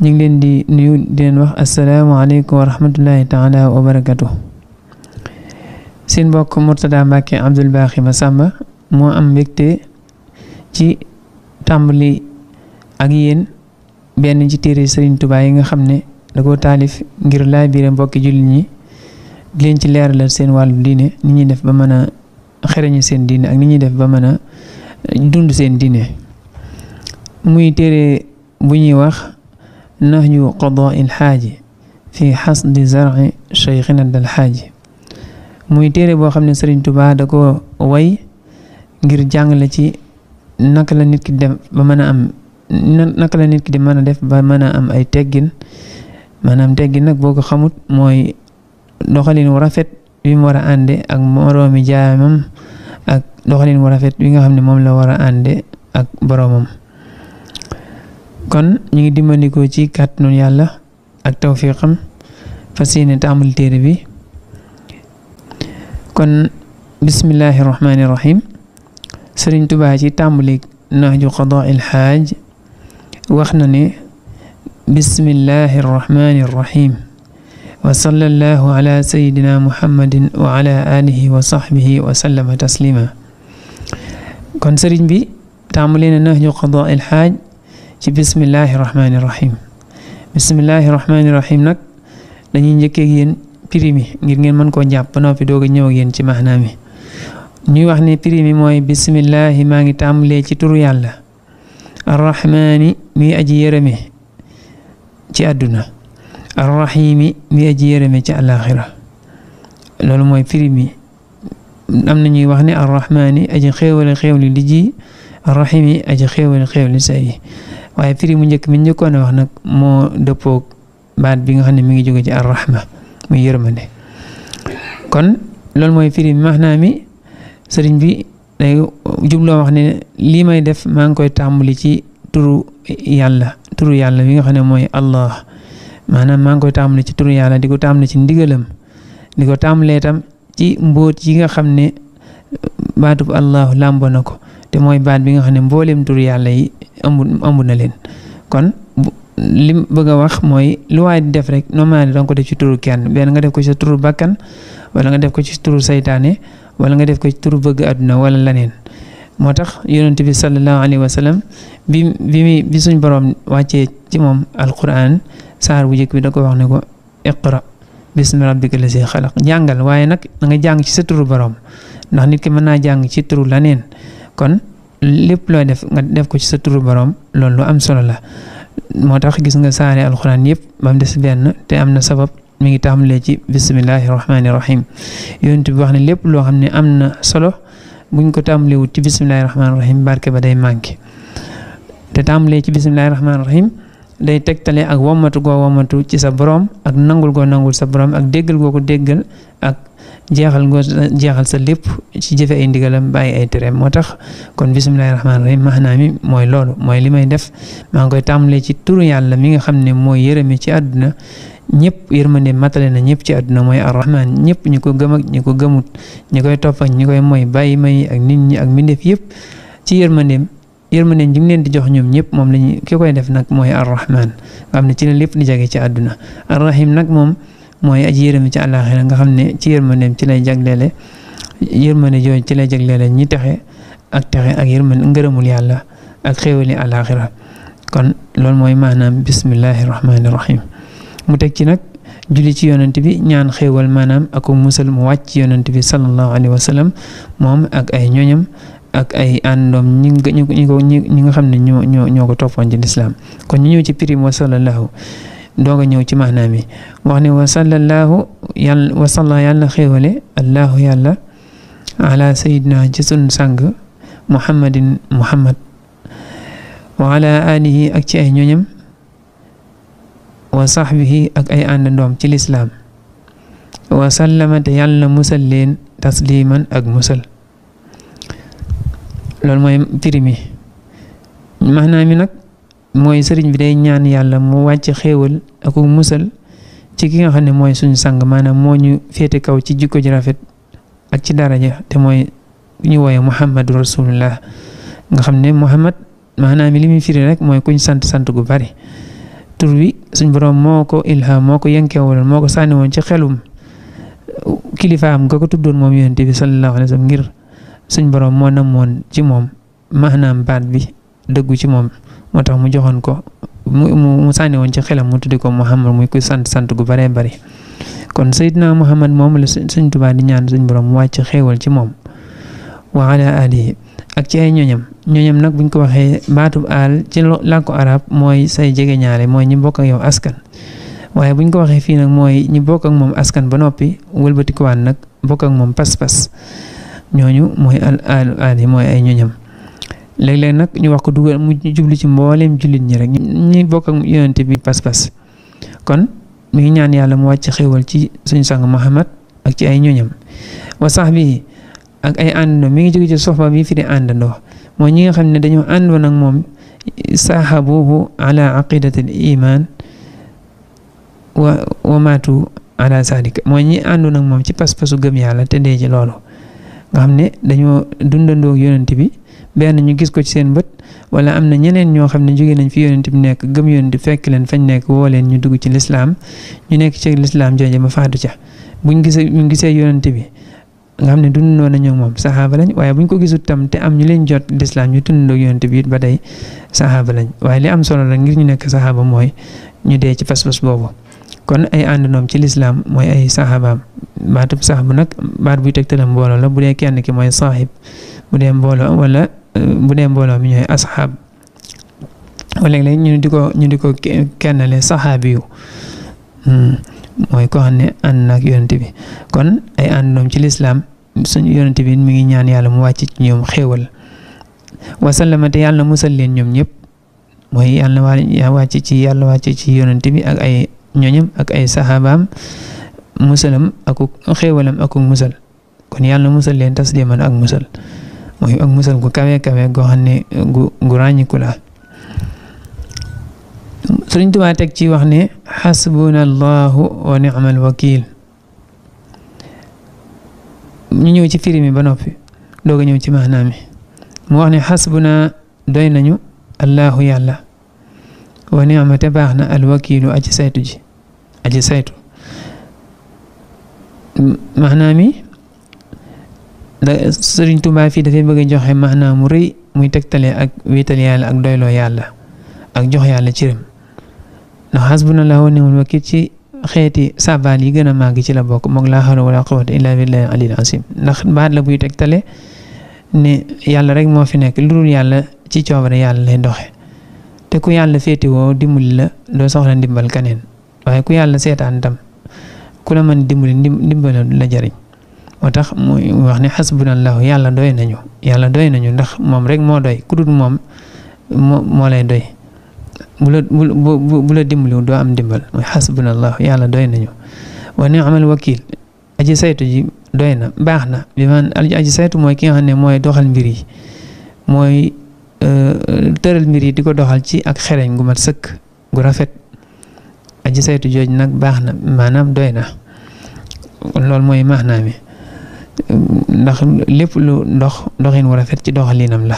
ñu ngi leen di nuyu di leen wax asalaamaaleykum wa rahmatullahi taala wa barakatu seen mbokk Mourtada Mbacke Abdoul ma sàmba moo am mbégte ci tàmbali ak yéen benn ci téere Serigne Touba yi nga xam ne da koo taalif ngir laay biire mbokki jullit ñi di leen ci leeralal seen wàllu diine ni ñuy def ba mën a xereñu seen diine ak ni ñuy def ba mën a dund seen diine muy téere bu ñuy wax nahyu qadaa il xaaji fi xasdi zarci cheikhina dal xaaj muy téere boo xam ne Sëriñ Tuubaa da ko way ngir jàngale ci naka la nit ki dem ba mën a am naka la nit ki di mën a def ba mën a am ay teggin maanaam teggin nag boo ko xamut mooy doxalin wu rafet wi mu war a ànde ak moroomi jaamam ak doxalin wu rafet wi nga xam ne moom la war a ànde ak boroomam kon ñu ngi dimbandikoo ci kàttanu yàlla ak tawfiqam fas yéene taamul téere bi kon bismillahi rahmaani rahim sëriñ tubaa ci tàmbali nahju qadaa il wax na ne bismillahi rahmaani rahim wa sallallahu ala sayidina muhammadin wa ala wa sahbihi wa sallama taslima kon sëriñ bi tàmbali na nahju qadaa il ci bismillahi rahmaani rahim bismillahi rahmaani rahim nag dañuy njëkkee ak yéen prix mi ngir ngeen mën koo jàpp ba noppi doog a ñëw ak yéen ci maanaa mi ñuy wax ni prix mi mooy bismillahi maa ngi tàmbalee ci turu yàlla arrahmaani mi aji yërëme ci àdduna arrahimi mi aji yërëme ci àllaaxira loolu mooy prix mi am na ñuy wax ne arrahmaani aji xéewale xéewli li ji arrahimi aji xéewale xéewli sa yi waaye firi mu njëkk mi njëkkoon wax nag moo dëppoog baat bi nga xam ne mi ngi jóge ci arrahma muy yërmande kon loolu mooy firi bi mi sëriñ bi day jubloo wax ne lii may def maa ngi koy tàmbali ci turu yàlla turu yàlla bi nga xam ne mooy allah maanaam maa ngi koy tàmbali ci turu yàlla di ko tàmbali ci ndigalam di ko tàmbalee tam ci mboot yi nga xam ne baatub allahu làmbo na ko te mooy baat bi nga xam ne mbooleem turu yàlla ëmb ëmb na leen kon li bëgg a wax mooy lu waaye di def rek normalement da nga ko def ci turu kenn benn nga def ko ci turu bakkan wala nga def ko ci turu saytaane wala nga def ko ci turu bëgg àdduna wala leneen moo tax yonent bi sallallahu alayhi wa sallam bi bi muy bi suñ borom wàccee ci moom alquran saar bu njëkk bi da ko wax ne ko iqra bismi rabbika lazi xalaq jàngal waaye nag da nga jàng ci sa turu boroom ndax nit ki mën naa jàng ci turu laneen kon lépp loo def nga def ko ci sa turu boroom loolu lu am solo la moo tax gis nga saare alxuraan yëpp ba mu des benn te am na sabab mu ngi tàmbalee ci bisimilahi rahmaani rahim yonent bi wax ne lépp loo xam ne am na solo buñ ko tàmbalee wut ci bisimilahi rahmaani rahim barke ba day manqué te tàmbalee ci bisimilahi rahmaani rahim day tegtale ak womatu goo womatu ci sa boroom ak nangul goo nangul sa borom ak déggal goo ko déggal jeexal ngoo jeexal sa lépp ci jëfe ay ndigalam bàyyi ay tereem moo tax kon bisimilahi rahmaani rahim maanaa mi mooy loolu mooy li may def maa ngi koy tàmbalee ci turu yàlla mi nga xam ne mooy yërëmi ci àdduna ñëpp yërmande matale na ñëpp ci adduna mooy arrahman ñëpp ñi ko gëm ak ñi ko gëmut ñi koy topp ak koy mooy bàyyi may ak nit ñi ak mbindeef yëpp ci yërmandeem yërmandeem ji mu leen di jox ñoom ñëpp moom lañu ki koy def nag mooy arrahman nga xam ne ci la lépp di jage ci àdduna arrahim nag moom mooy aji yërëm ci àllaaxira nga xam ne ci yërmandeem ci lay jagleele yërmande jooju ci lay jagleele ñi texe ak texe ak yërmande ngërëmul yàlla ak xéewali àllaaxira kon loolu mooy maanaam bismillahi rahmaani rahim mu teg ci nag julli ci yonent bi ñaan xéewal maanaam ak musal mu wàcc ci yonent bi sallallahu alayhi wa moom ak ay ñoñam ak ay àndoom ñi ñi ñi nga xam ne ñoo ñoo ñoo ko toppoon ci lislaam kon ñu ñëw ci primo sallallahu doog a ñëw ci maanaam yi wax ne wa sallallahu yàlla wa salla yàlla xéewale allahu yàlla ala sayidina ci sang muhammadin muhammad wa ala alihi ak ci ay ñoñam wa saxbihi ak ay àndandoom ci lislaam wa sallama te yàlla musal leen tasliman ak musal loolu mooy firi mi nag mooy sëriñ bi day ñaan yàlla moo wàcc xéewal ak musal ci ki nga xam ne mooy suñu sang maanaam moo ñu féete kaw ci jikko ji rafet ak ci daraja te mooy ñu wooye muhammadu rasulullah nga xam ne muhammad maanaam li muy firi rek mooy kuñ sant sant gu bari tur wi suñ borom moo ko ilham moo ko yënkeewaloon moo ko sànni woon ci xelum kilifaam nga ko tuddoon moom yonente bi sallallahu alayhi wa ngir suñ borom moo namoon ci moom maanaam baat bi dëggu ci moom moo tax mu joxoon ko mu mu sànni woon ci xelam mu tuddi ko Muhammad muy koy sant sant gu baree bari kon Seydina Muhammad moom suñ Sëñ di ñaan suñ borom mu wàcc xéewal ci moom wa ala ci ay ñoñam ñoñam nag buñ ko waxee baatub aal ci arab mooy say jege ñaare mooy ñi bokk yow askan waaye buñ ko waxee fii nag mooy ñi bokk ak moom askan ba noppi wëlbatikuwaan nag bokk ak moom pas-pas ñooñu mooy al aal aal mooy ay ñoñam léeg-léeg nag ñu wax ko dugal mu jublu ci mbooleem jullit ñi rek ñi bokk ak yonent bi pas-pas kon mi ngi ñaan yàlla mu wàcc xéwal ci suñu sang Muhammad ak ci ay ñoñam wa sax bi ak ay àndandoo mi ngi jóge ci soxba bi firi àndandoo mooy ñi nga xam ne dañoo àndoon ak moom saaxabuhu ala aqidati al wa wa maatu ala saalika mooy ñi àndoon ak moom ci pas-pasu gëm yàlla te dee ci loolu nga xam ne dañoo dundandoo ak bi benn ñu gis ko ci seen bët wala am na ñeneen ñoo xam ne jóge nañ fi yonent bi nekk gëm yonent bi fekk leen fañ nekk woo leen ñu dugg ci lislaam ñu nekk ci lislaam jooje ma faatu ca buñ gisee buñ gisee yonent bi nga xam ne dundandoo nañu moom saxaaba waaye buñ ko gisut tam am ñu leen jot lislaam ñu dundandoo yonent bi it ba tey saxaaba lañ waaye li am solo la ngir ñu nekk saxaaba mooy ñu dee ci fas-fas boobu. kon ay àndandoom ci lislaam mooy ay saxaabaam sax bu nag baat buy tegtalam mbooloo la bu dee kenn ki mooy saaxib bu dee mbooloo wala euh, bu dee mbooloo mi ñooy asxaab léeg-léeg ñu di ko ñu di ko kennale saxaabi yu hmm, mooy ko xam ne ànd naag yonent bi kon ay àndoom ci lislaam suñu yonent bi mi ngi ñaan yàlla mu wàcc ci ñoom xéewal wasallama te yàlla musal leen ñoom ñëpp mooy wàcc ci yàlla wàcc ci yonent bi ak ay ñoñam ak ay saxaabaam musalam akuk xéewalam akuk musal kon yàlla musal leen tasliman ak musal mooy ak musal gu kawe kawe goo xam ne gu gu ràññiku la Sëriñ teg ci wax ni xasbuna allahu wa ni'mal wakiil ñu ñëw ci firi mi ba noppi doog a ñëw ci maanaa mi mu wax ne xasbuna doy nañu allahu yàlla wa ni'ma te baax na alwakiilu aji saytu ji aji saytu maanaa mi sëriñ Tuubaa fii dafay bëgg a joxe maanaa mu rëy muy ak wéetal yàlla ak doyloo yàlla ak jox yàlla cëram ndax xasbunallaahu wa ni'mal wakiil ci xeeti saabal yi gën a ci la bokk moog laa ndax baat la buy tegtale ne yàlla rek moo fi nekk lu yàlla ci coobare yàlla lay doxe te ku yàlla féetewoo dimbali la doo soxla ndimbal kaneen waaye ku yàlla seetaan tam ku la mën dimbali la jariñ moo tax muy wax ne xasbunallahu yàlla doy nañu yàlla doy nañu ndax moom rek moo doy ku dul moom moo moo lay doy bu la bu doo am dimbal mooy xasbunallahu yàlla doy nañu wa ni'mal wakiil aji saytu ji doy na baax na bi man aji saytu mooy ki nga xam ne mooy doxal mbir yi mooy euh, tëral mbir yi di ko doxal ci ak xereñ gu mat sëkk gu rafet aji saytu jooj nag baax na maanaam doy na loolu mooy maanaam ndax lépp lu ndox ndoxin war a fet ci doxalinam la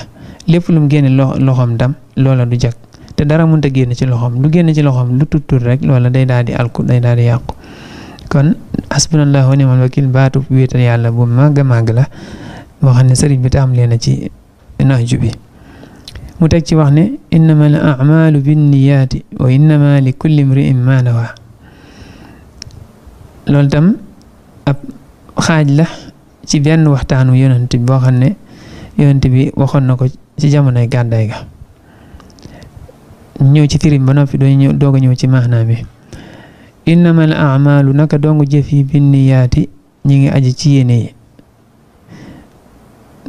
lépp lu mu génne dam loxoom loola du jag te dara mun a génn ci loxoom lu génn ci loxoom lu tut tut rek loola day daal di alku day daal di yàqu kon asbunallahu wa ni'mal wakil baatu wéetal yàlla bu màgg a màgg la boo xam ne sëriñ bi taam leen ci naaju bi mu teg ci wax ne innama al a'malu binniyaati wa innama li kulli imri'in ma nawa tam ab xaaj la ci benn waxtaanu yonent bi boo xam ne bi waxoon na ko ci jamonoy gàddaay ga ñëw ci tirim ba noppi doo ñëw doog a ñëw ci maanaam bi innamal amalu naka dongu jëf yi binniyaati ñi ngi aji ci yéene yi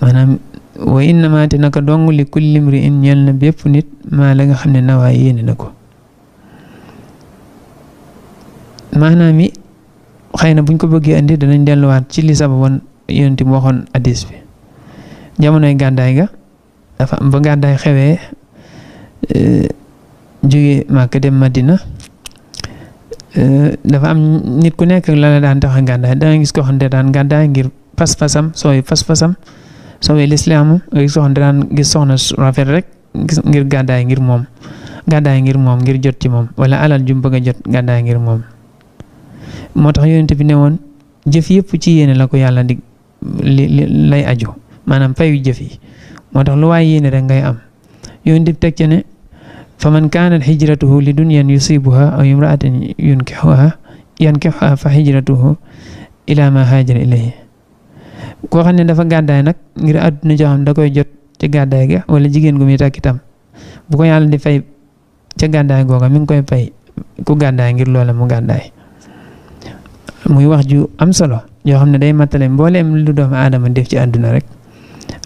maanaam wa innama te naka dong li kulli in ñeel na bépp nit maa la nga xam ne na ko maanaam yi xëy na buñ ko bëggee andi danañ delluwaat ci li sababoon yonent bi waxoon hadis bi jamonoy gàddaay nga dafa am ba gàddaay xewee eh, jóge Màkka dem Madina eh, dafa am nit ku nekk la la daan tax a gàddaay da nga gis ko xam ne daan ngir pas-pasam sooy pas-pasam sooy lislaam nga gis ko xam ne daan gis soxna rafet rek ngir gàddaay ngir moom gàddaay ngir moom ngir jot ci moom wala alal ju mu bëgg a jot gàddaay ngir moom moo tax yonent bi ne woon jëf ci yéene la ko yàlla dig lay aju maanaam fayu jëf moo tax lu waay yéene rek ngay am yoon di teg ci ne fa man kaanat hijratuhu li dunyan yusibuha aw imraatin ke yankixuha fa hijratuhu ila ma haajara ilayhi koo xam ne dafa gàddaay nag ngir àdduna joo xam da koy jot ci gàddaay ga wala jigéen gu muy takk itam bu ko yàlla di fay ca gàddaay googa mi ngi koy pay ku gàddaay ngir loola mu gàddaay muy wax ju am solo yoo xam ne day matale mbooleem lu doomu adama def ci àdduna rek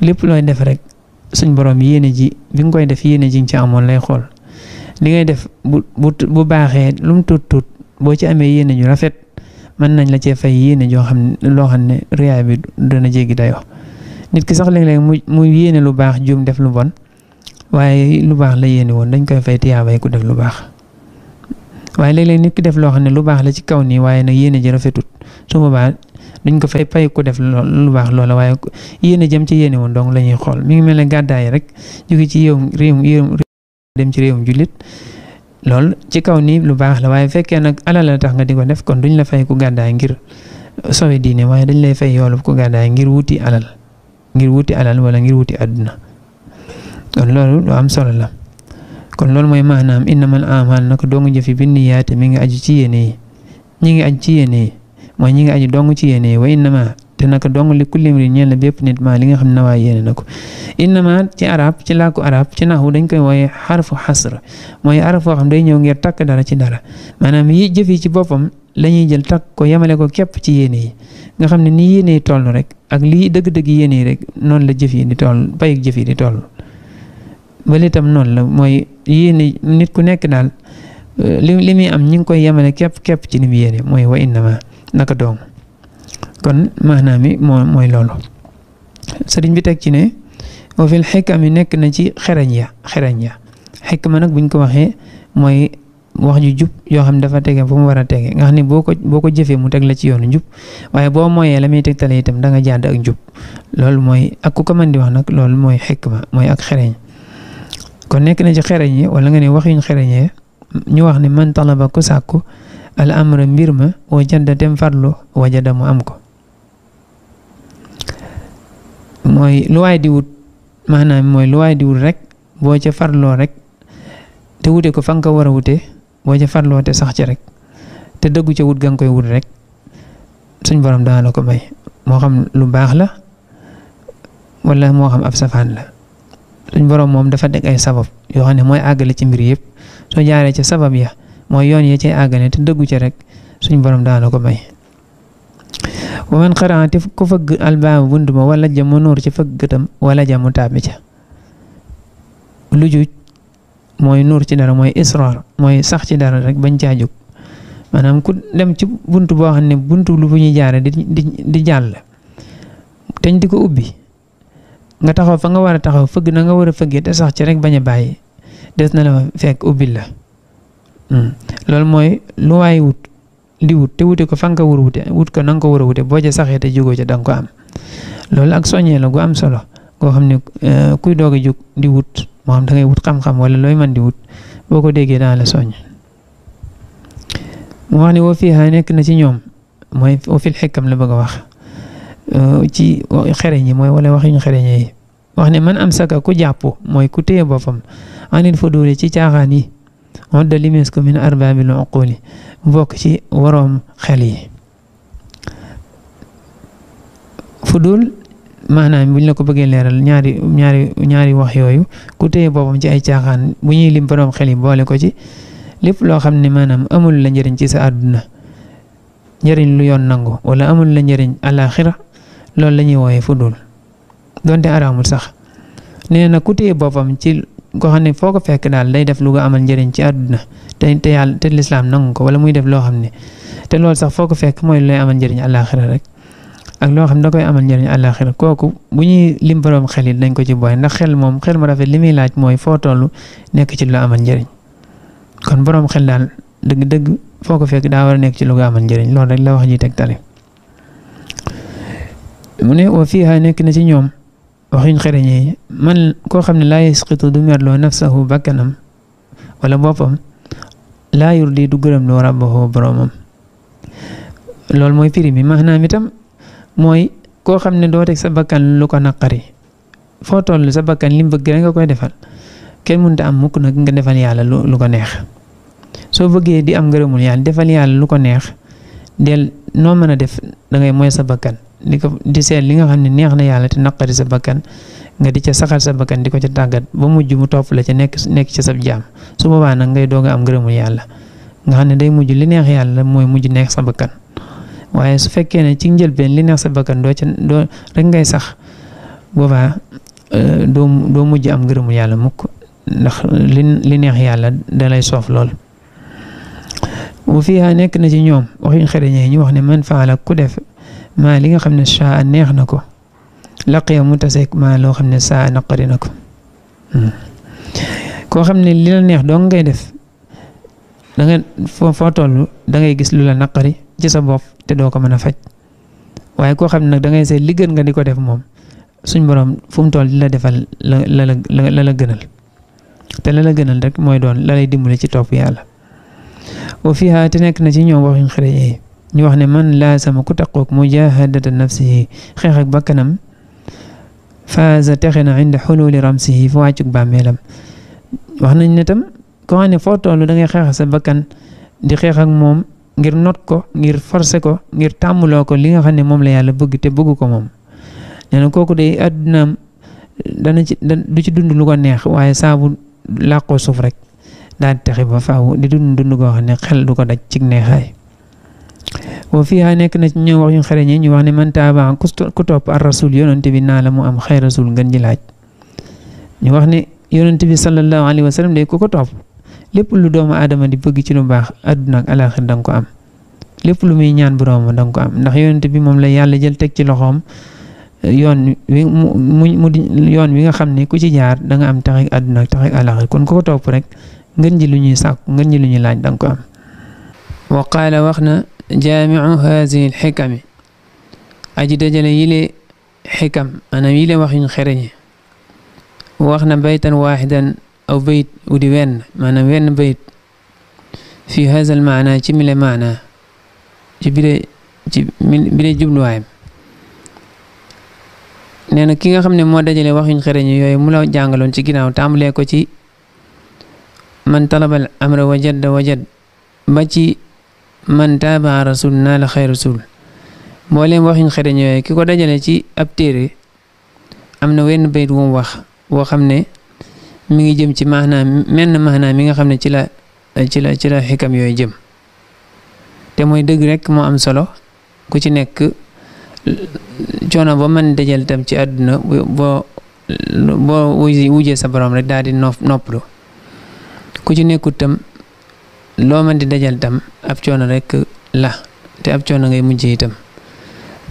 lépp looy def rek suñ borom yéene ji bi nga koy def yéene ji nga ci amoon lay xool li ngay def bu bu bu baaxee lu tuut tuut boo ci amee yéene ju rafet mën nañ la cee fay yéene joo xam ne loo xam ne riyaay bi dana jéggi dayoo nit ki sax léeg-léeg mu mu yéene lu baax juum def lu bon waaye lu baax la yéene woon dañ koy fay tiyaabay ku def lu baax waaye léeg-léeg nit ki def loo xam ne lu baax la ci kaw nii waaye nag yéene ji rafetut su boobaa duñ ko fay pay ku def lu baax loola waaye yéene jëm ci yéene woon donc la ñuy xool mi ngi mel ne gàddaay rek jóge ci réewum réewum dem ci réewum julit loolu ci kaw nii lu baax la waaye fekkee nag alal la tax nga di ko def kon duñ la fay ku gàddaay ngir sowe waaye dañ lay fay yoolu ku gàddaay ngir wuti alal ngir wuti alal wala ngir wuti àdduna kon loolu lu am solo la kon loolu mooy maanaam innamal amal nag doomu jëfi bi niyaate mi ngi aju ci yéene yi ñi ngi aju ci yéene yi mooy ñi ngi aji dong ci yéene wa ma te naka dong li kulli mri ñeel na bépp nit ma li nga xam ne waa yéene na ko innama ci arab ci làkku arab ci naxu dañ koy wooye xarfu xasr mooy araf boo xam day ñëw ngir takk dara ci dara maanaam yi jëf yi ci boppam la jël takk ko yemale ko képp ci yéene yi nga xam ne ni yéene yi toll rek ak lii dëgg-dëgg yéene yi rek noonu la jëf yi di toll bayik jëf yi di toll ba li tam noonu la mooy yéene nit ku nekk daal li li muy am ñi ngi koy yemale képp képp ci ni mu yéene mooy wa ma naka doom kon maanaam mi moo mooy loolu sëriñ bi teg ci ne wa fil yi nekk na ci xereñ ya xereñ ya ma nag buñ ko waxee mooy wax ju jub yoo xam dafa tege fu mu war a tege nga xam ne boo ko boo ko jëfee mu teg la ci yoonu njub waaye boo mooyee la teg tegtale itam da nga jàdd ak njub loolu mooy ak ku ko mën di wax nag loolu mooy xekk xikma mooy ak xereñ kon nekk na ci xereñ yi wala nga ne wax yuñ xereñee ñu wax ne man talaba ko sàkku al amra mbir ma wajada tem farlu wajada mu am ko mooy lu waay di wut maanaam mooy lu waay di wut rek boo ca farloo rek te wute ko fa nga ko war a wute boo ca farloo te sax ci rek te dëggu ca wut ga nga koy wut rek suñ borom dana la ko may moo xam lu baax la wala moo xam ab safaan la suñ borom moom dafa teg ay sabab yoo xam ne mooy àggale ci mbir yëpp soo jaaree ca sabab ya mooy yoon yi ci àggale te dëggu ci rek suñ borom daana ko may wa man xaraa te ku fëgg albaabu bunt ma wala jamu nuur ci fëgg gëtam wala jamu tàbbi ca lu juj mooy nuur ci dara mooy israr mooy sax ci dara rek bañ caa jóg maanaam ku dem ci bunt boo xam ne bunt lu bu ñuy jaare di di di jàll teñ di ko ubbi nga taxaw fa nga war a taxaw fëgg na nga war a fëggee te sax ci rek bañ a bàyyi des na la fekk ubbil la Hmm. loolu mooy lu waay wut di wut te wute ko fa nga ko a wute wut ko na nga ko war a wute boo ca saxee te jógoo ca da ko am loolu ak soññee la gu am solo goo xam ne eh, kuy doog a jóg di wut moo xam da ngay wut xam-xam wala looy man di wut boo ko déggee dana la soññ mu wax ne woo fii nekk na ci ñoom mooy woo la bëgg a wax eh, ci xereñ yi mooy wax yuñ xereñee wax ne man am saka ku jàpp mooy ku téye boppam anil fa dóore ci caaxaan yi odda limees ko min arbaabil uquli mbokk ci waroom xel yi fudul maanaam buñ la ko bëggee leeral ñaari ñaari ñaari wax yooyu ku téye boppam ci ay caaxaan bu ñuy lim xel yi boole ko ci lépp loo xam ne maanaam amul la njëriñ ci sa àdduna njëriñ lu yoon nangu wala amul la njëriñ àlaaxira loolu la ñuy wooyee fudul donte araamul sax nee na ku boppam ci koo xam ne foo ko fekk daal day def lu amal njariñ ci àdduna te te yàlla te lislaam nangu ko wala muy def loo xam ne te loolu sax foo ko fekk mooy lu lay amal njëriñ àllaaxira rek ak loo xam ne da koy amal njëriñ àllaaxira kooku bu ñuy lim borom xel yi dañ ko ci boole ndax xel moom xel mu rafet li muy laaj mooy foo toll nekk ci lu amal njariñ kon boroom xel daal dëgg-dëgg foo ko fekk daa war a nekk ci lu ko amal njëriñ loolu rek la wax ji tegtale mu ne wa fiiha nekk na ci ñoom waxuñ xereñ yi man koo xam ne laa yasqitu du merloo nafsahu bakkanam wala boppam laa yurdi du gërëm lo rabbahu boromam lol mooy firi bi maanaam itam mooy koo xam ne doo sa bakkan lu ko naqari foo toll sa bakkan lim bëgg rek nga koy defal kenn mënta am mukk nag nga defal yàlla lu ko neex soo bëggee di am ngërëmul yàlla defal yàlla lu ko neex del noo mën a def da ngay mooy sa bakkan li ko di seet li nga xam ne neex na yàlla te naqari sa bakkan nga di ca saxal sa bakkan di ko ca tàggat ba mujj mu topp la ca nekk nekk ca sab jaam su boobaa nag ngay doog a am ngërëmul yàlla nga xam ne day mujj li neex yàlla mooy mujj neex sa bakkan waaye su fekkee ne ci njëlbeen li neex sa bakkan doo ca doo rek ngay sax boobaa euh, doo doo mujj am ngërëmul yàlla mukk ndax li li neex yàlla dalay soof lool wa fiha nekk na ci ñoom waxuñ xereñee ñu wax ne man faala ku def maa li nga xam ne saa neex na ko laqiya mu taseeg maa loo xam ne saa naqari na ko hmm. koo xam ne li la neex dong ngay def da nga foo foo toll da gis lu la naqari ci sa bopp te doo ko mën a faj waaye koo xam ne nag dangay ngay li gën nga di ko def moom suñ borom fu mu toll di la defal la la la la gënal te la la gënal rek mooy doon la lay dimbale ci topp yàlla wa fiha te nekk na ci ñoom waxuñ xërëjee ñu wax ne man laasama ku taqoog mujahadata nafsihi xeex ak bakkanam faaza texe na inda xululi ramsihi fa wàccug bàmmeelam wax nañ ne tam koo xam ne foo toll da ngay xeex sa bakkan di xeex ak moom ngir not ko ngir forcer ko ngir tàmmuloo ko li nga xam ne moom la yàlla bëgg te bëgg ko moom nee na kooku day àddunaam dana ci du ci dund lu ko neex waaye saabu làqoo suuf rek daal texe ba faaw di dund dund koo xam ne xel du ko daj ci neexaay wa fiha nekk na ci ñoom wax yu ne man taaba ku topp ar rasul yonante bi naa la mu am xay rasul ngën ji laaj ñu wax ne yonante bi sallallahu alayhi wa sallam day ku ko topp lépp lu doomu aadama di bëgg ci lu baax àdduna ak alaaxir am lépp lu muy ñaan boroom da nga ko am ndax yonante bi moom la yàlla jël teg ci loxoom yoon wi mu mu yoon wi nga xam ne ku ci jaar danga am tax ak àdduna ak tax ak kon ku ko topp rek ngan ji lu ñuy sàkku ngën ji lu ñuy laaj da ko am. wa wax na جامع هذه الحكم اجد جليلي حكم انا ميل واخين خيرني واخنا بيتا واحدا او بيت وديوان معنا وين بيت في هذا المعنى جمل معنى جبري جبري جبل واحد نانا كيغا خامني مو داجالي واخين خيرني يوي مولا جانغالون سي غيناو تامليكو سي من طلب الامر وجد وجد ما man taabaa rasul naa la xay rasul mbooleem waxuñ xereñ yooyu ki ko dajalee ci ab téere am na wenn bayit wu mu wax woo xam ne mi ngi jëm ci maanaam menn maanaam mi nga xam ne ci la ci la ci la xikam yooyu jëm te mooy dëgg rekk moo am solo ku ci nekk coono ba mën dajal tam ci àdduna boo boo wujee sa borom rek daal di nopp noppalu ku ci nekkut tam loo mën di dajal tam ab coono rek la te ab coono ngay mujjee itam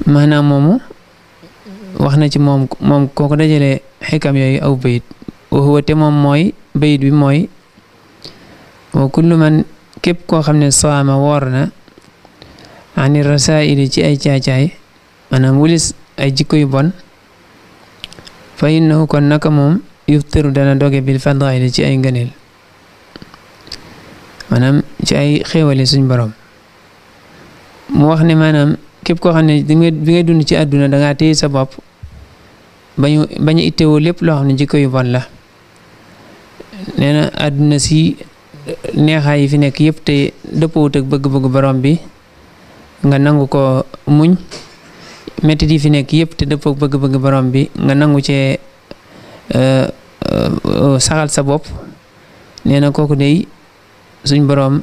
maanaam moomu wax na ci moom moom kooku dajalee xikam yooyu aw bayit waxuwa te moom mooy bayit bi mooy wa kullu képp koo xam ne saama woor na ani rasaili ci ay caacaay maanaam wulis ay jikko yu bon fa na kon naka moom yuftiru dana doge bil fadaili ci ay ngëneel maanaam ci ay xéewale suñ borom mu wax ne maanaam képp koo xam ne bi ngay dund ci àdduna dangaa téye sa bopp bañu bañu lépp loo xam ne jikko yu bon la nee na àdduna si neexaay yi fi nekk yëpp te dëppawut bëgg-bëgg bi nga nangu ko muñ mettit yi fi nekk yëpp te dëppoo bëgg-bëgg borom bi nga nangu cee euh, euh, saxal sa bopp nee na kooku day suñ boroom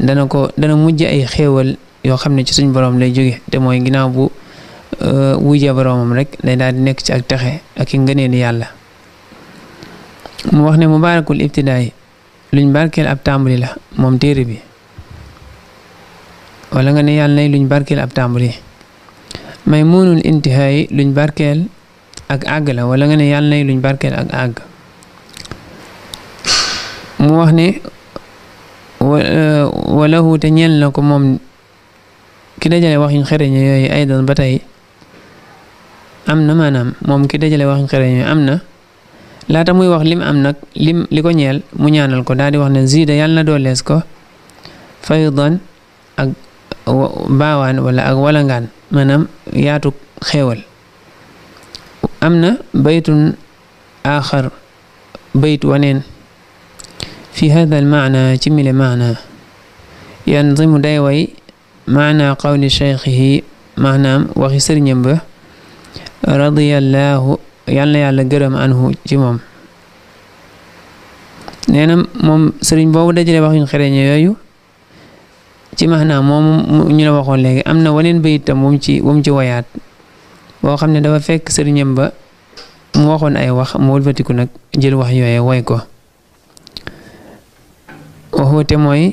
dana ko dana mujj ay xéewal yoo xam ne ci suñ boroom lay jóge te mooy ginnaaw bu euh, wujjee boroomam rek day daal di nekk ci ak texe ak i ngëneeni yàlla mu wax ne mubaarakul ibtidaay luñ barkeel ab tàmbali la moom téere bi wala nga ne yàlla nay luñ barkeel ab tàmbali may muunul intihaay luñ barkeel ak àgg la wala nga ne yàlla nay luñ barkeel ak àgg mu wax ne Euh, walahu te ñeel na ko moom ki dajale wax yu xereñ yooyu aydan ba tey am na maanaam moom ki dajale wax yu xereñ yooyu am na laata muy wax lim am nag lim li ko ñeel mu ñaanal ko daal di wax ne ziida yàlla na doolees ko faydan ak baawaan wala ak walangaan maanaam yaatu xewal am na baytun aaxar bayt waneen fi hada almaana ci mile maana yanzimu day way maana qawli cheikhihi maanaam waxi sëriñam ba radiyallahu yal na yàlla gërëm anhu ci moom nee na moom sëriñ boobu dajale wax yuñ xereñe yooyu ci maanaam moom ñu waxoon léegi am na waneen bayitam wum ci ci wayaat boo xam ne dafa fekk sëriñam ba mu waxoon ay wax mu wëlbatiku nag jël wax yooye woy ko waxu te mooy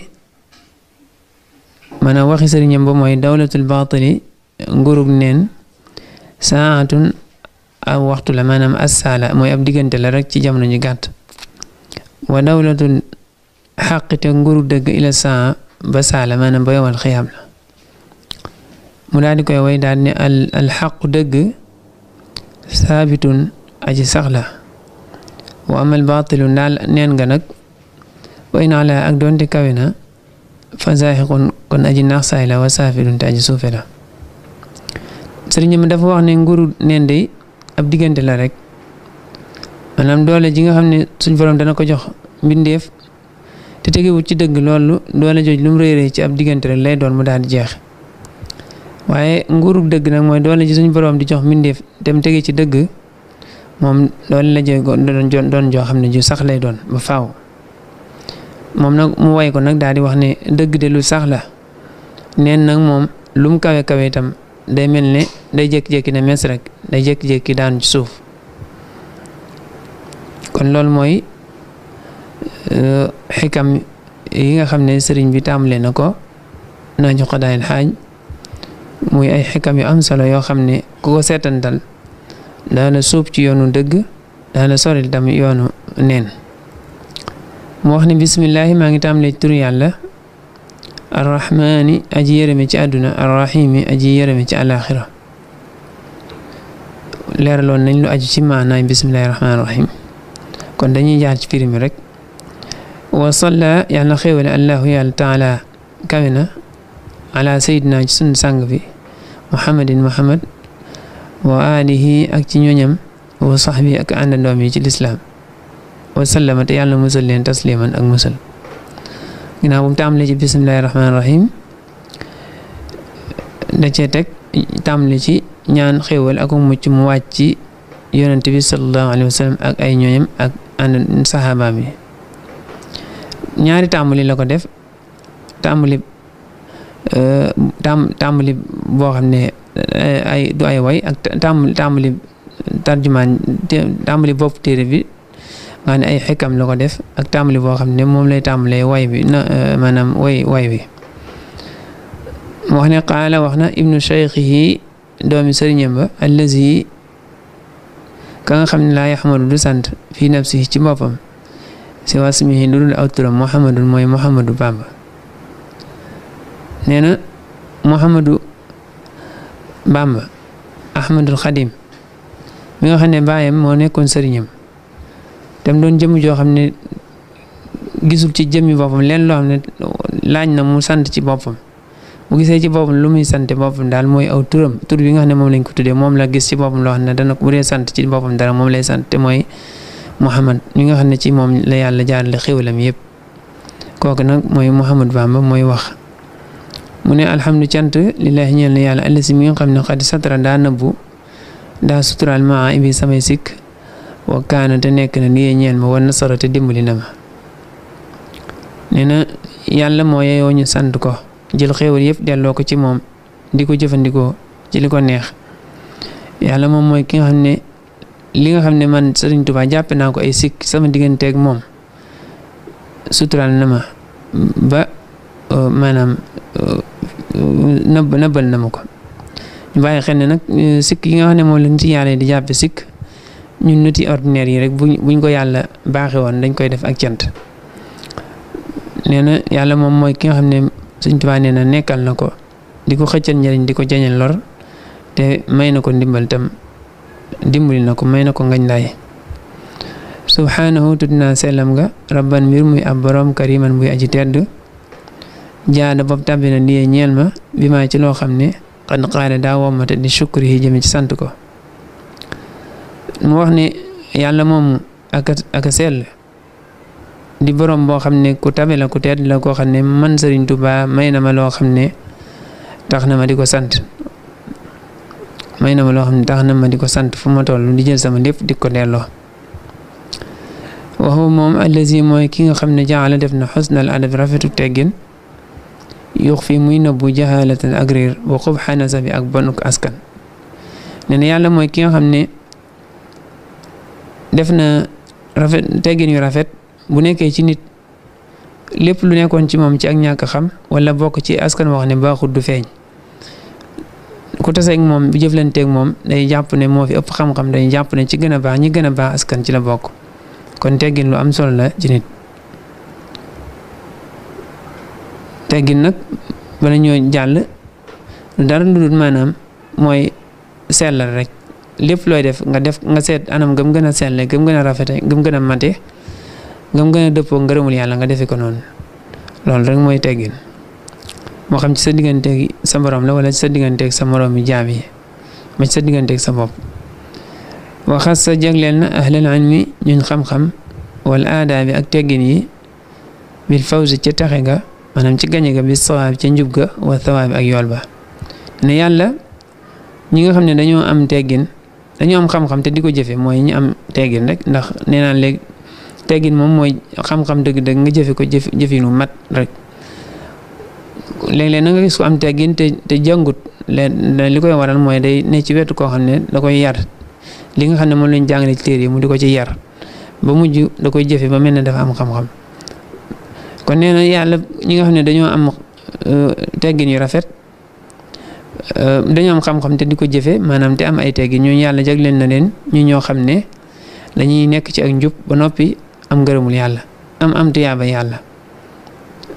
maanaam waxi sëriñam ba mooy dawlatul baatili ngurug neen saatun aw waxtu la maanaam assala mooy ab diggante la rek ci jamono ñu gàtt wa dawlatul xaq te ngurug dëgg ila saa ba saala maanaam ba yowal xiyaam la mu daal di koy way daal ne al al xaqu aji sax la wa amal baatilu daal neen nga wa in ala ak doonte kawe na fa zaaxiqun kon aji nax saay la wa saafilun te aji suufe la sëriñ ma dafa wax ne nguuru neen de ab diggante la rek maanaam doole ji nga xam ne suñ borom dana ko jox mbindeef te tegewut ci dëgg loolu doole jooj lu mu réeree ci ab diggante rek lay doon mu daal di jeex waaye nguurug dëgg nag mooy doole ji suñ borom di jox mbindeef dem tege ci dëgg moom loolu la jee doon doon joo xam ne ju sax lay doon ba faaw. moom nag mu way ko nag daal di wax ne dëgg de lu sax la neen nag moom lu mu kawe kawe itam day mel ne day jékki-jékki ne mes rek day jékki-jékki daanu ci suuf kon loolu mooy euh, xikam yi nga xam ne sëriñ bi tàmbalee na ko naa ñu xadaayil xaaj muy ay xikam yu am solo yoo xam ne ku ko seetantal daana suuf ci yoonu dëgg daana soril tam yoonu neen موحن بسم الله ما نتام لتري الله الرحمن أجي يرمي أدنى الرحيم أجي يرمي على آخرة لير لون نيلو أجي معنا بسم الله الرحمن الرحيم كون داني جار تفير مرك وصلى يعني خير الله يا تعالى كمنا على سيدنا جسن سانغفي محمد محمد وآله أكتنيونيم وصحبه أكأن الله الإسلام wa te yàlla musal leen tasliman ak musal ginnaaw bu mu tàmbalee ci bisimilahi rahmaani rahim da cee teg tàmbale ci ñaan xéewal ak mucc mu wàcc ci yonent bi sallallahu alayhi wa ak ay ñooñam ak ànd saxaabaam ñaari tàmbali la ko def tàmbali euh, tàmbali boo xam ne ay du ay way ak tàmbali tarjumaan tàmbali bopp téere bi nga xam ay xekkam la ko def ak tàmbali boo xam ne moom lay tàmbalee way bi na euh, maanaam way way bi ne qaala wax na ibnu cheikhihi doomi sëriñam ba allazi ka nga xam ne laa yaxmadu du sant fii nafsihi ci boppam si wasmihi lu dul aw turam muhammadun mooy muhammadu bamba nee na muhammadu bamba ahmadul xadim mi nga xam ne baayam moo nekkoon sëriñam tam doon jëmm joo xam ne gisul ci jëmmi boppam leen loo xam ne laañ na mu sant ci boppam mu gisee ci boppam lu muy sant boppam daal mooy aw turam tur bi nga xam ne moom lañ ko tuddee moom la gis ci boppam loo xam ne dana bu dee sant ci boppam dara moom lay sant te mooy Muhammad mi nga xam ne ci moom la yàlla jaarale xéwalam yëpp kooku nag mooy Muhammad Bamba mooy wax. mu ne alhamdu cant lillahi la na yàlla si mi nga xam ne xadi satara daa nëbbu daa suturaal maa ibi samay sikk wa kaana te nekk na lii ñeen ma wan nasara te dimbali na ma nee na yàlla moo yeyoo ñu sant ko jël xéewal yëpp delloo ko ci moom di ko jëfandikoo ci li ko neex yàlla moom mooy ki xam ne li nga xam ne man Sëriñ Tuubaa jàppe naa ko ay sikk sama digganteeg moom suturaal na ma ba euh, maanaam euh, na nëbbal na ma ko ñu bàyyi ne nag euh, sikk yi xam ne moom lañ ci yàlla di jàppe sikk ñun nuti ordinaire yi rek buñ buñ ko yàlla baaxee woon dañ koy def ak cant nee na yàlla moom mooy ki nga xam ne Sëñ Tuubaa nee na nekkal na ko di ko xëccal njëriñ di ko jañal lor te may na ko ndimbal tam dimbali na ko may na ko ngañ laay subhaanahu tudd naa sellam nga rabban mbir muy ab borom kariman muy aji tedd jaada bopp tàbbi na liyee ñeel ma bi ma ci loo xam ne xan xaare daa wommate di sukkur yi jëme ci sant ko mu wax ne yàlla moom ak ak di borom boo xam ne ku tabe la ku tedd la koo xam ne man Serigne Touba may na ma loo xam ne tax na ma di ko sant may na ma loo xam ne tax na ma di ko sant fu ma toll di jël sama lépp di ko delloo waxu moom allazi mooy ki nga xam ne jaala def na xusnal adab rafetu teggin yux fi muy nëbbu jahalatan ak réer wa xub xanasa bi ak bonuk askan nee yàlla mooy ki nga xam ne def na rafet teggin yu rafet bu nekkee ci nit lépp lu nekkoon ci moom ci ak ñàkk xam wala bokk ci askan wax ne baaxut du feeñ ku taseeg moom bu jëflanteeg moom day jàpp ne moo fi ëpp xam-xam dañuy jàpp ne ci gën a baax ñi gën a baax ci la bokk kon teggin lu am solo la ci nit teggin nag bala ñoo jàll dara lu dul maanaam mooy sellal rek lépp looy def nga def nga seet anam gëm gën a selle gëm gën a rafete gëm gën a mate gëm gën a dëppoo ngërëmul yàlla nga defe ko noonu loolu rek mooy teggin moo xam ci sa digganteeg sa morom la wala sa digganteeg sa morom yi ma sa digganteeg sa bopp waxas sa jagleel na ahlal ilmi ñuñ xam-xam wala aadaa bi ak teggin yi bil fawzi ca taxe ga maanaam ci gañe ga bi sawaab ca njub ga wa sawaab ak yool ba ne yàlla ñi nga xam ne dañoo am teggin dañu am xam-xam te di ko jëfe mooy ñu am teggin rek ndax nee naa léegi teggin moom mooy xam-xam dëgg-dëgg nga jëfe ko jëf jëfinu mat rek léeg-léeg na nga gis ko am teggin te te jàngut leen li koy waral mooy day ne ci wetu koo xam ne da koy yar li nga xam ne moom lañ jàngale ci téere yi mu di ko ci yar ba mujj da koy jëfe ba mel ne dafa am xam-xam kon nee na yàlla ñi nga xam ne dañoo am euh, teggin yu rafet Euh, dañoo am xam-xam te di ko jëfe maanaam te am ay teggi ñooñu yàlla jagleen na leen ñu ñoo xam ne dañuy nekk ci ak njub ba noppi am ngërëmul yàlla am am tuyaaba yàlla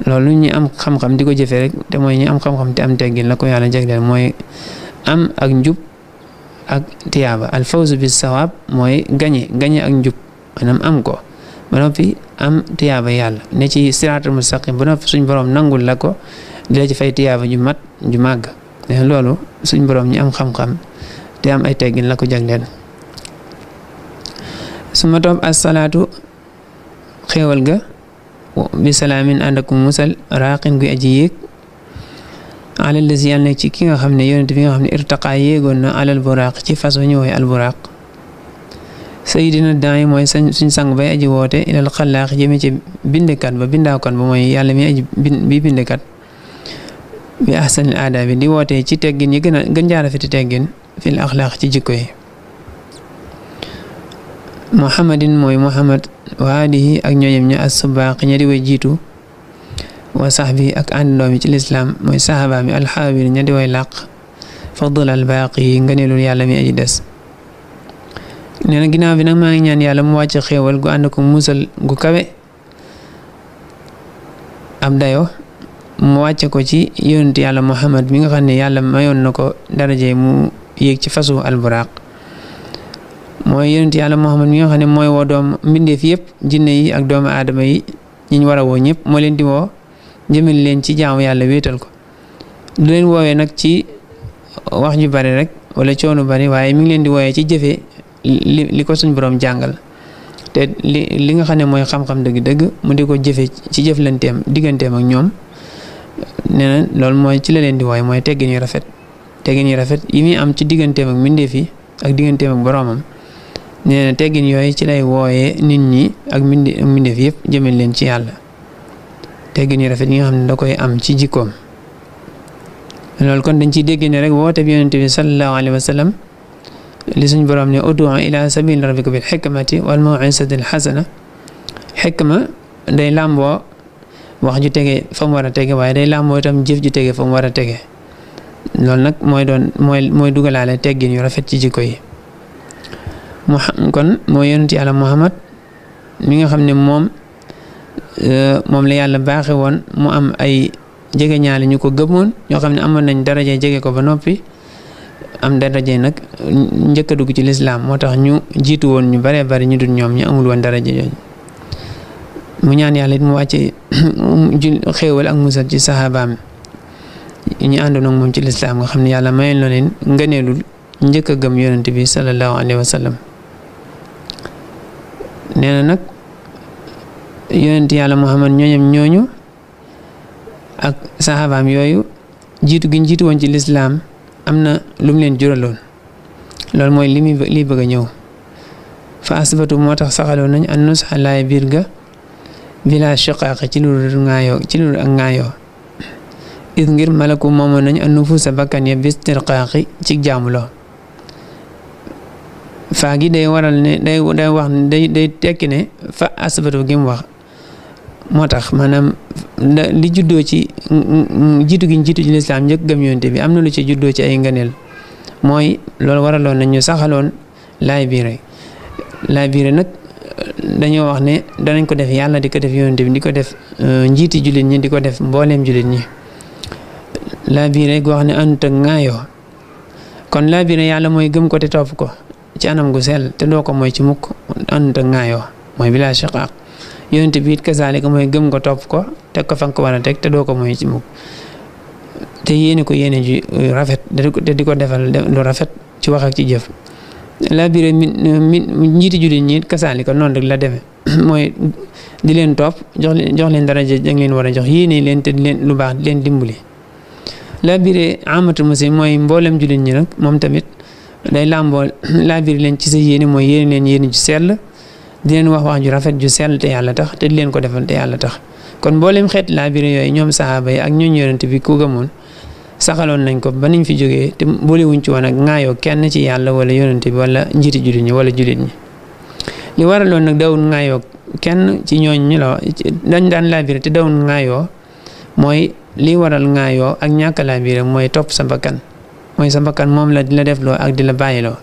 loolu ñi am xam di ko jëfee rek te mooy ñi am xam-xam te am la ko yàlla jagleel mooy am ak njub ak tiyaaba al fawzu mooy gañe gañe ak njub maanaam am ba noppi am yàlla ne ci siraatal mustaqim ba nopp suñ borom nangul la ko di la ci fay tiyaaba ju mat ju màgg mais eh, loolu suñ borom ñi am xam-xam te am ay teggin la ko jagleel su ma topp asalaatu xéewal ga bi salaamin ànd ak musal raaqin guy aji yéeg alal lasi yàlla nekk ci ki nga xam ne yonent bi nga xam ne irtaqaa yéegoon na alal buraaq ci fas ñu woy al buraaq sayidina daay mooy suñ sang bay aji woote ilal xalaax jëme ci bindekat ba bindaakoon ba mooy yàlla mi aji bi bindekat bi ahsanil aadaabi di woote ci teggin yi gën a gën jaar fi teggin ci jikko yi muhammadin mooy muhammad wa alihi ak ñooñam ña assubaaq ña di woy jiitu wa saxbi ak àndandoom ci lislaam mooy saxaaba mi alxaabir ña di woy làq fadl albaaqi yi ngëneelul yàlla mi aji des nee na ginnaaw bi nag maa ñaan yàlla mu wàcc xéewal gu ànd ko musal gu kawe ab dayo mu wàcce ko ci yonent yàlla Muhammad mi nga xam ne yàlla mayoon na ko daraje mu yéeg ci fasu alburaaq mooy yonent yàlla Muhammad mi nga xam ne mooy woo doom mbindeef yëpp jinne yi ak doomu aadama yi ñi ñu war a woo ñëpp moo leen di woo jëmale leen ci jaamu yàlla wéetal ko du leen woowee nag ci wax ju bari rek wala coono bari waaye mi ngi leen di woowee ci jëfee li li ko suñ borom jàngal te li li nga xam ne mooy xam-xam dëgg-dëgg mu di ko jëfe ci jëflanteem digganteem ak ñoom. nee na loolu mooy ci la di wooye mooy teggin yu rafet teggin yu rafet yi muy am ci digganteem ak mbindeef yi ak digganteem ak boroomam nee na teggin yooyu ci lay wooyee nit ñi ak mbinde mbindeef yëpp jëmel leen ci yàlla teggin yu rafet yi nga xam ne da koy am ci jikkoom loolu kon dañ ciy dégg rek woote bi yonente bi sallallahu alayhi wa sallam li suñ borom ne udu ila sabili rabbika bil xikmati wal mawisati al xasana xikma day làmboo wax ju tege fa mu war a tege waaye day làmboo itam jëf ju tege fa mu war a tege loolu nag mooy doon mooy mooy dugalaale teggin yu rafet ci jikko yi mu kon mooy yonent yàlla Muhammad mi nga xam ne moom euh, moom la yàlla baaxe woon mu am ay jege ñaale ñu ko gëmoon ñoo xam ne amoon nañ daraje jege ko ba noppi am daraje nag njëkk a dugg ci lislaam moo tax ñu jiitu woon ñu baree bari ñu dul ñoom ñu amul woon daraje yooyu mu ñaan yàlla it mu wàcce jul xéewal ak musal ci saxaabaam ñu àndoon ak moom ci lislaam nga xam ne yàlla mayeen loo leen ngëneelul njëkk a gëm bi sallallahu alayhi wa sallam nee nag yonent yàlla muhammad ñooñam ñooñu ak saxaabaam yooyu jiitu gi ñu ci lislaam am na lu mu leen juraloon loolu mooy li muy a ñëw fa moo tax saxaloon nañ an nusxa laay ga bila shiqaaqi ci lu dul ŋaayoo ci lu dul ak ŋaayoo it ngir malaku moomoon nañ a nufuusa bakkan ya bistirqaaqi ci jaamuloo faa gi day waral ne day wax ne day tekki ne fa asbatu gim wax moo tax maanaam li juddoo ci jiitu gi jiitu ci lislaam njëkk gëm yonte bi am na lu ci juddoo ci ay ngëneel mooy loolu waraloon nañ ñu saxaloon laay biire laay biire dañoo wax ne danañ ko def yàlla di ko def yonent bi di ko def euh, njiiti jullit ñi di ko def mbooleem jullit ñi laa biire goo xam ne àndut ak ŋaayoo kon laa yàlla mooy gëm ko te topp ko ci anam gu sel te doo ko mooy ci mukk àndut ak ŋaayoo mooy bilaa shaqaaq yonent bi it kasaalika mooy gëm ko topp ko teg ko fan ko war a teg te doo ko mooy ci mukk te yéene ko yéene ji rafet te di ko defal lu rafet ci wax ak ci jëf labiré mi mi njiiti jullit ñi kasaalika noonu rek la demee mooy di leen topp jox leen jox leen daraja ja leen war a jox yéene leen te leen lu baax di leen dimbali. labiré amatul muslim mooy mboolem leen ñi nag moom tamit day làmboo labiré leen ci sa yéene mooy yéene leen yéene ju sell di leen wax wax ju rafet ju sell te yàlla tax te leen ko defal te yàlla tax kon mboolem xeet labiré yooyu ñoom saxaaba yi ak ñooñu yonent bi ku gëmoon saxaloon nañ ko ba niñ fi jógee te boolewuñ ci woon ak ŋaayoo kenn ci yàlla wala yonente bi wala njiiti jullit ñi wala jullit ñi li waraloon nag dawul ŋaayoo kenn ci ñooñ ñu la dañ daan laabire te dawul ŋaayoo mooy li waral ŋaayoo ak ñàkk laabire mooy topp sa bakkan mooy sa bakkan moom la di la def loo ak di la bàyyiloo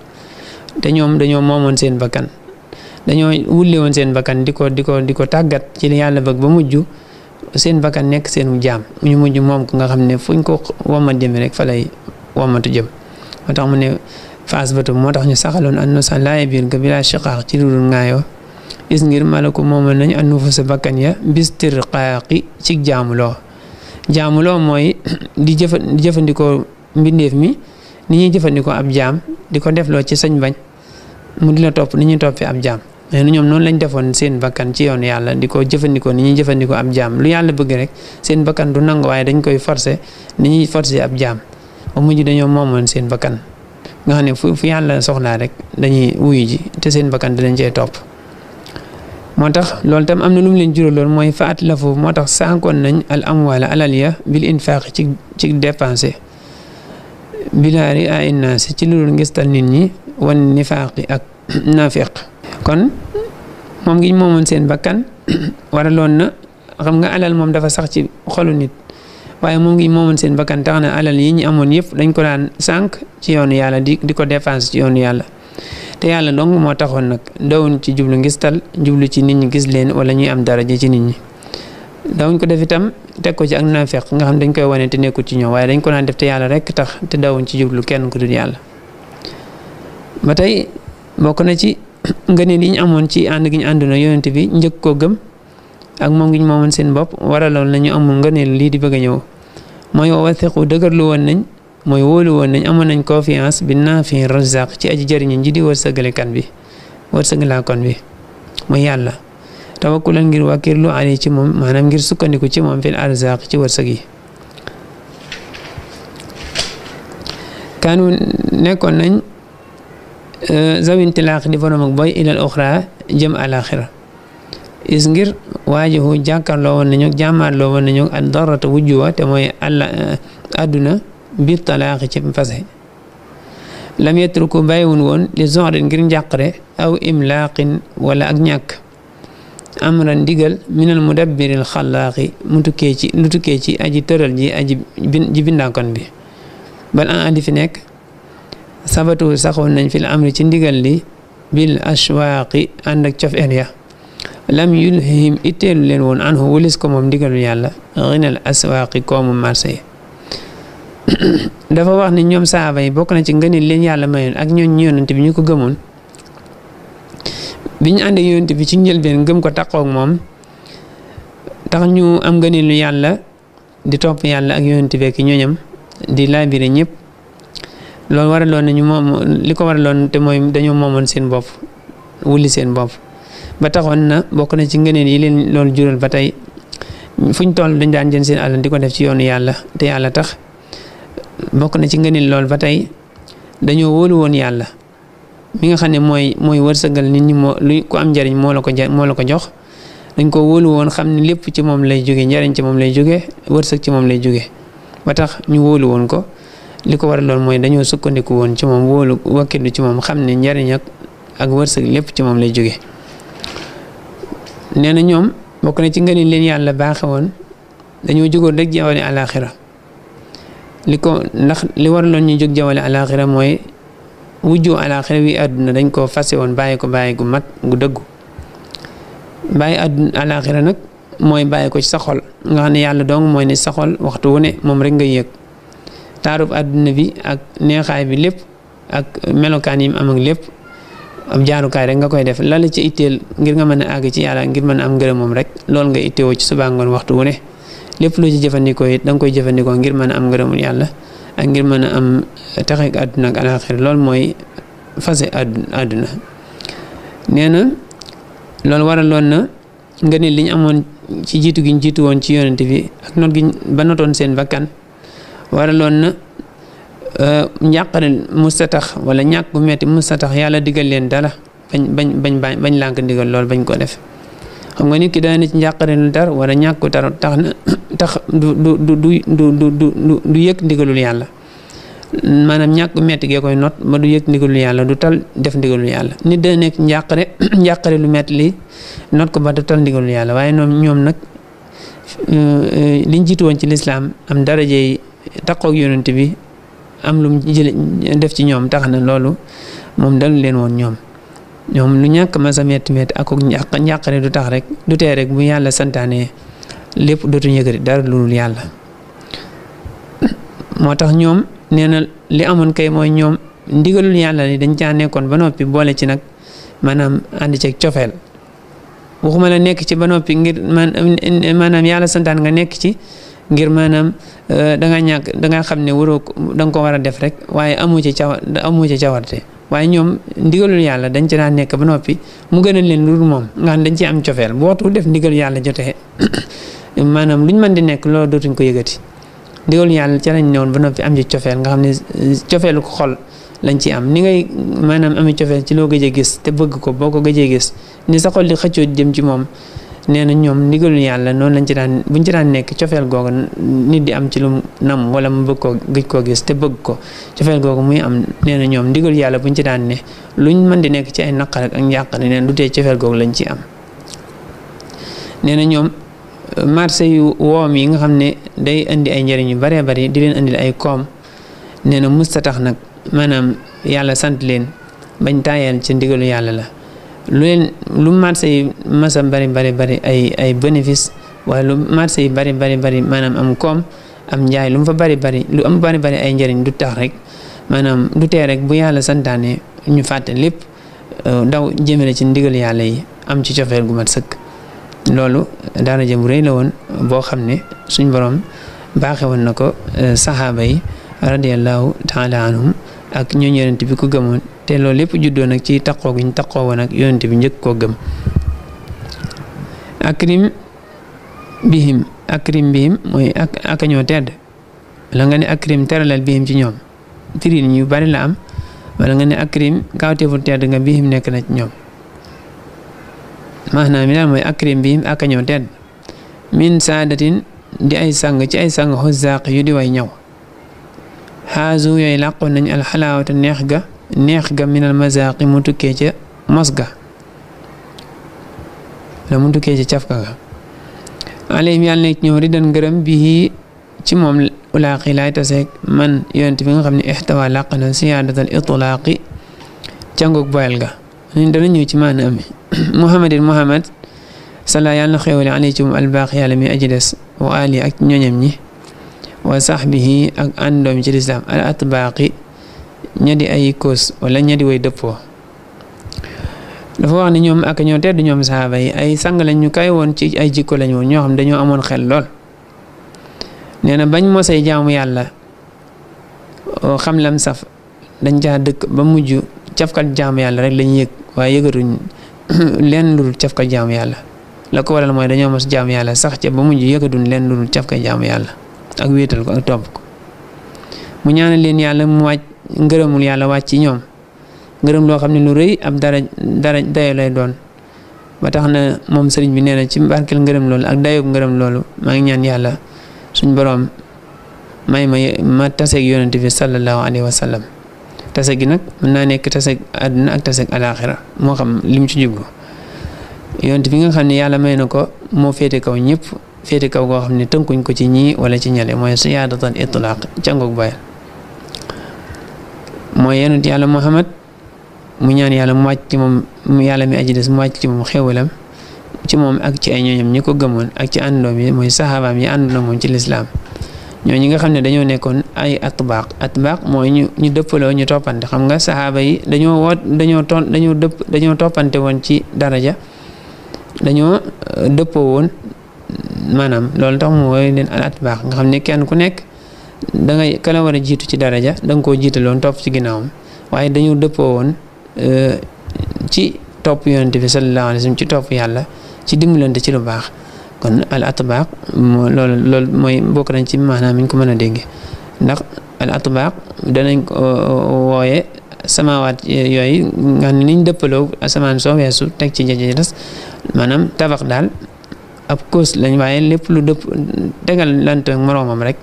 te ñoom dañoo moomoon seen bakkan dañoo wulle woon seen bakkan di ko di ko di ko tàggat ci li yàlla bëgg ba mujj seen bakkan nekk seenu jaam ñu mujj moom ko nga xam ne fuñ ko wammat jëme rek fa lay wammatu jëm moo tax mu ne faas batu moo tax ñu saxaloon an nusa laaye biir ko bilaa chiqaaq ci ludul ngaayoo is ngir malaku moomal nañu an nufu sa bakkan ya bis tir qaaqi ci jaamuloo jaamuloo mooy di jëfa di jëfandikoo mbindeef mi ni ñuy jëfandikoo ab jaam di ko defloo ci sañ bañ mu di la topp ni ñuy toppee ab jaam mais ñoom noonu lañ defoon seen bakkan ci yoon yàlla di ko jëfandikoo ni ñuy jëfandikoo ab jaam lu yàlla bëgg rek seen bakkan du nangu waaye dañ koy forcer ni ñuy forcer ab jaam ba mujj dañoo moomoon seen bakkan nga xam ne fu fu yàlla soxlaa rek dañuy wuyu ji te seen bakkan dinañ cee topp. moo tax loolu tam am na lu mu leen juraloon mooy faat la foofu moo tax sànkoon nañ al amwaala alal ya bil infaaq ci ci dépensé bilaari a innaasi ci lu dul ngistal nit ñi wan nifaaqi ak nafiq kon moom ngi moomoon seen bakkan waraloon na xam nga alal moom dafa sax ci xolu nit waaye moom ngi moomoon seen bakkan tax na alal yi ñu amoon yëpp dañ ko daan sànq ci yoonu yàlla di di ko dépense ci yoonu yàlla te yàlla dong moo taxoon nag dawuñ ci jublu ngistal jublu ci nit ñi gis leen wala ñuy am daraja ci nit ñi dawuñ ko def itam teg ko ci ak naa naafeq nga xam dañ koy wane te nekkul ci ñoom waaye dañ ko daan def te yàlla rek tax te dawuñ ci jublu kenn ku dul yàlla ngëneel yi ñu amoon ci ànd gi ñu àndoon bi njëkk koo gëm ak moom gi ñu moomoon seen bopp waraloon na ñu nga ngëneel lii di bëgg ñëw mooy wathiqu dëgërlu woon nañ mooy wóolu woon nañ amoon nañ confiance bi naafi razaq ci aji jëriñu ji di wërsëgale kan bi wërsëgalaa kon bi mooy yàlla tawakkulan ngir wàkkirlu ali ci moom maanaam ngir sukkandiku ci moom fil arzaq ci wërsëg yi nekkoon nañ Euh, zawin tilaaq di borom ak boy ilal oxra jëm alaxira is ngir waajihu jàkkaarloo woon nañu jàmmaarloo woon nañu ak darata wujju wa te mooy àlla euh, biir talaaq ci fase lam yetruku bàyyiwun woon li zoxrin ngir njàqare aw imlaaqin wala ak ñàkk amran digal minal mudabbiril xalaaqi mu tukkee ci lu ci aji tëral ji aji bi bal an andi fi nekk sabatu saxoon nañ fil amri ci ndigal li bil ashwaaqi ànd ak cof en ya lam yulhihim itteelu leen woon anhu wulis ko moom ndigalu yàlla xinal aswaaqi koomu marché dafa wax ni ñoom saaba yi bokk na ci ngëni leen yàlla mayoon ak ñooñ yonent bi ñu ko gëmoon bi ñu àndee yonent bi ci njëlbeen gëm ko taqoog moom tax ñu am ngëni lu di topp yàlla ak yonent bi ak ñooñam di laabire ñëpp loolu waraloon nañu moom li ko waraloon te mooy dañoo moomoon seen bopp wulli seen bopp ba taxoon na bokk na ci ngëneen yi leen lool jural ba tey fu ñu toll dañ daan jënd seen alal di ko def ci yoonu yàlla te yàlla tax bokk na ci ngëneen lool ba tey dañoo wóolu woon yàlla mi nga xam ne mooy mooy wërsëgal nit ñi moo lu ku am njariñ moo la ko moo la ko jox dañ ko wóolu woon xam ne lépp ci moom lay jóge njariñ ci moom lay jóge wërsëg ci moom lay jóge ba tax ñu wóolu ko li ko waral loolu mooy dañoo sukkandiku woon ci moom wóolu wakkilu ci moom xam ne njariñ ak ak wërsëg lépp ci moom lay jóge nee na ñoom bokk na ci ngëneel leen yàlla baaxe woon dañoo jógoon rek jawale alaaxira li ko ndax li waraloon ñu jóg jawale alaaxira mooy wujjoo alaaxira wi àdduna dañ koo fase woon bàyyi ko bàyyi gu mat gu dëggu bàyyi àdduna alaaxira nag mooy bàyyi ko ci sa xol nga xam ne yàlla dong mooy ne sa waxtu wu ne moom rek nga yëg taarub àdduna bi ak neexaay bi lépp ak melokaan yi mu am lépp ab jaarukaay rek nga koy def la ci itteel ngir nga mën a àgg ci yàlla ngir mën a am ngërëm moom rek loolu nga itteewoo ci subaa ngoon waxtu wu ne lépp ci jëfandikoo it da koy jëfandikoo ngir mën am ngërëmul yàlla ak ngir mën a am texe àdduna ak alaxir loolu mooy fase àdduna nee na loolu waraloon na nga ne liñ amoon ci jiitu gi jiitu woon ci yonent bi ak not giñ ba notoon seen bakkan waraloon na euh, njàqare mustatax wala ñàkk bu metti mustatax yàlla digal leen dara bañ bañ bañ bañ lànk ndigal lool bañ ko def xam nga nit ki daan na ci njàqare lu dar wala ñàkk ko tax na tax du du du du du du du yëg ndigalul yàlla maanaam ñàkk metti gee koy not ba du yëg ndigalul yàlla du tal def ndigalul yàlla nit da nekk lu metti li not ko ba du tal ndigalul yàlla waaye ñoom ñoom nag euh, euh, liñ jiitu ci lislaam am daraje yi takkoog yonent bi am lu mu def ci ñoom tax na loolu moom dalu leen woon ñoom ñoom lu ñàkk ma sa metti metti ak ñàq ñàqare du tax rek du tee rek bu yàlla santaane lépp dootuñu yëkkati dara lu dul yàlla moo tax ñoom nee na li amoon kay mooy ñoom ndigalul yàlla li dañ caa nekkoon ba noppi boole ci nag maanaam ànd ceeg cofeel waxuma la nekk ci ba noppi maanaam yàlla santaan nga nekk ci ngir maanaam euh, da nga ñàkk da nga xam ne waroo da nga ko war a def rek waaye amu ci cawa amu ci cawarte waaye ñoom ndigalul yàlla dañ ci daan nekk ba noppi mu gënal leen lu moom nga xam dañ ci am cofeel bu def ndigal yàlla jotee maanaam luñ mën di nekk loolu dootuñ ko yëgati ndigalul yàlla ca newoon ba noppi am ci cofeel nga xam ne cofeelu ko xol lañ ci am ni ngay maanaam ami cofeel ci loo gëj a gis te bëgg ko boo ko gëjee gis ni sa xol di xëccoo jëm ci moom nee na ñoom ndigalu yàlla noonu lañ ci daan buñ ci daan nekk cofeel googa nit di am ci lu nam wala mu bëgg koo gëj koo gis te bëgg ko cofeel googu muy am nee na ñoom ndigalu yàlla buñ ci daan ne lu luñ mën di nekk ci ay naqar ak njàqare nee na du tee cofeel googu lañ ci am nee na ñoom euh, marché yu woom yi nga xam ne day indi ay njëriñ yu baree bari di leen indil ay koom nee na musta tax nag maanaam yàlla sant leen bañ taayal ci ndigalu yàlla la lu leen lu marché bari bari bari ay ay bénéfice waaye lu marché yi bari bari maanaam am koom am njaay lu mu fa bari bari lu am bari bari ay njëriñ du tax rek maanaam du rek bu yàlla santaane ñu fàtte lépp euh, daw jëmale ci ndigal yàlla yi am ci cofeel gu mat sëkk loolu daana jëm réy la woon boo xam ne suñ boroom baaxe woon na ko euh, saxaaba radiallahu taala ak ñooñu yonent bi te loolu lépp juddoo nag ci taqoo gi ñu taqoo woon yoon yonent bi njëkk koo gëm akrim bihim akrim bihim mooy ak ak ñoo tedd wala nga ne akrim teralal bihim ci ñoom tirin yu bari la am wala nga ne akrim kaawteefu tedd nga bihim nekk na ci ñoom maanaam mi daal mooy akrim bihim ak ñoo tedd min saadatin di ay sang ci ay sang xuzaaq yu di way ñaw xaasu yooyu làqoon nañ alxalaawata neex ga neex ga minal mazaaqi mu tukkee ca mos ga la mu tukkee ca cafka ga alayhim yàlla nekk ñoom ridan ngërëm bi ci moom ulaaqi laay taseeg man yonent bi nga xam ne ixtawa làq na siyaadatal itlaaqi càngoog boyal ga ñun dana ñëw ci maana ami muhammadin muhammad sala yàlla na xéewale aleykum albaax yàlla mi aji des wa ali ak ñoñam ñi wa saxbihi ak àndoom ci lislaam al atbaaqi ña di ay cause wala ña di way dëppoo dafa wax ni ñoom ak ñoo tedd ñoom saxaaba yi ay sang lañ ñu kay woon ci ay jikko lañ woon ñoo xam dañoo amoon xel lool nee na bañ mosay jaamu yàlla xam lam saf dañ caa dëkk ba mujj cafkat jaamu yàlla rek lañ yëg waaye yëgatuñ leen lu dul cafkat yàlla la ko waral mooy dañoo mos jaamu yàlla sax ca ba mujj yëgatuñ leen lu dul cafkat jaamu yàlla ak wéetal ko ak topp ko mu ñaanal leen yàlla mu wàcc ngërëmul yàlla wàcc ci ñoom ngërëm loo xam ne lu rëy ab dara dara dayo lay doon ba tax na moom sëriñ bi nee na ci barkeel ngërëm loolu ak dayoob ngërëm loolu maa ngi yàlla suñ boroom may ma ma taseeg yonent bi sallallahu alayhi wa sallam tase gi nag mën naa nekk taseeg àdduna ak taseeg alaaxira moo xam li mu ci jublu yonent bi nga xam ne yàlla may na ko moo féete kaw ñëpp féete kaw goo xam ne tënkuñ ko ci ñii wala ci ñale mooy siyaadatal itlaaq ca ngoog bàyyal mooy yonent yàlla Muhammad mu ñaan yàlla mu wàcc ci moom yàlla mi aji des mu wàcc ci moom xéwalam ci moom ak ci ay ñooñam ñi ko gëmoon ak ci àndoom yi mooy saxaabaam yi ànd na moom ci lislaam ñoo ñi nga xam ne dañoo nekkoon ay atbaaq atbaaq mooy ñu ñu dëppaloo ñu toppante xam nga saxaaba yi dañoo woot dañoo toon dañoo dëpp dañoo toppante woon ci daraja dañoo dëppoo woon maanaam loolu tax mu wooy leen al atbaaq nga xam ne kenn ku nekk da ngay ka war a jiitu ci daraja da nga koo jiitaloon topp ci ginnaawam waaye dañu dëppoo woon euh, ci topp yonent bi sallallahu alayhi ci topp yàlla ci dimb dimbalante ci lu baax kon al atbaq moo loolu mooy mbokk nañ ci maanaam ñu ko mën a déggee ndax al atbaq danañ ko euh, wooye samaawaat yooyu nga xam niñ dëppaloo asamaan soo weesu teg ci jëjëj des tabax daal ab cause lañ waaye lépp lu dëpp tegal lantoog moroomam rek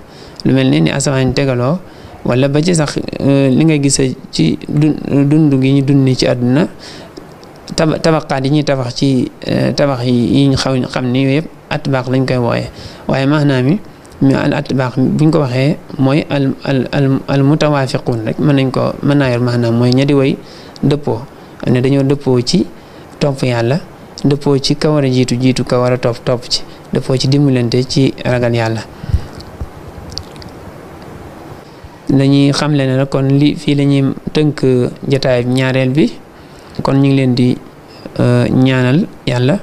lu mel ne ni asamaan tegaloo wala ba ci sax euh, li ngay gis ci dund ngi ñu dund ni ci àdduna tabaqaat yi ñuy tabax ci euh, tabax yi ñu xaw xam ni yooyu yëpp at baax lañ koy wooyee waaye maanaam mi mais al at baax buñ ñu ko waxee mooy al al al al mutawaafiquun rek mën nañ ko mën naa yor maanaam mooy ña woy way dëppoo ne dañoo dëppoo ci topp yàlla dëppoo ci ka jiitu jiitu ka a topp topp ci dëppoo ci dimbalante ci ragal yàlla la ñuy xamle ne kon lii fii lañuy tënk jataay ñaareel bi kon ñu ngi leen di euh, ñaanal yàlla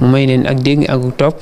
mu may leen ak dégg ak topp